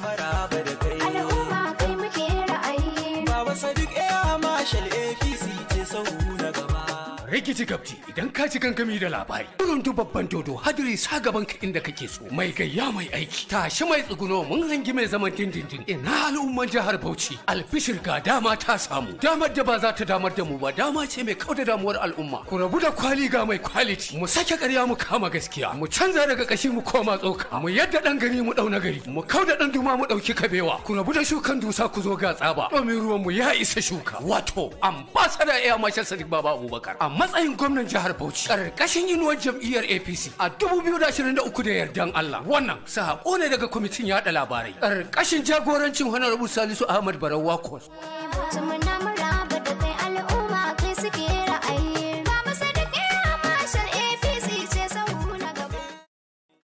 maraba da kai ra'ayi baba sadiq eh marshal apc ce sau rikici gabci idan ka ji gangami da labari. Burundu babban dodo hadiri sa gaban ka inda kake so. Mai gayya mai aiki. Tashi mai tsuguno mun hangi mai zaman dindindin. Ina al'umman jihar Bauchi. Alfishir ga dama ta samu. Damar da ba za ta damar da mu ba dama ce mai kauda damuwar al'umma. Ku rabu da kwali ga mai kwaliti. Mu sake karya mu kama gaskiya. Mu canza daga kashi mu koma tsoka. Mu yadda dan gari mu ɗauna gari. Mu kauda ɗan duma mu dauki kabewa. Ku rabu da shukan dusa ku zo ga tsaba. Domin mu ya isa shuka. Wato ambassador ya mashar Sadiq Baba Abubakar. Amma matsayin gwamnan jihar Bauchi ƙarƙashin inuwar jam'iyyar APC a 2023 da yardan Allah. Wannan sako ne daga kwamitin yaɗa labarai ƙarƙashin jagorancin Honorable Salisu Ahmad Barawa Kos.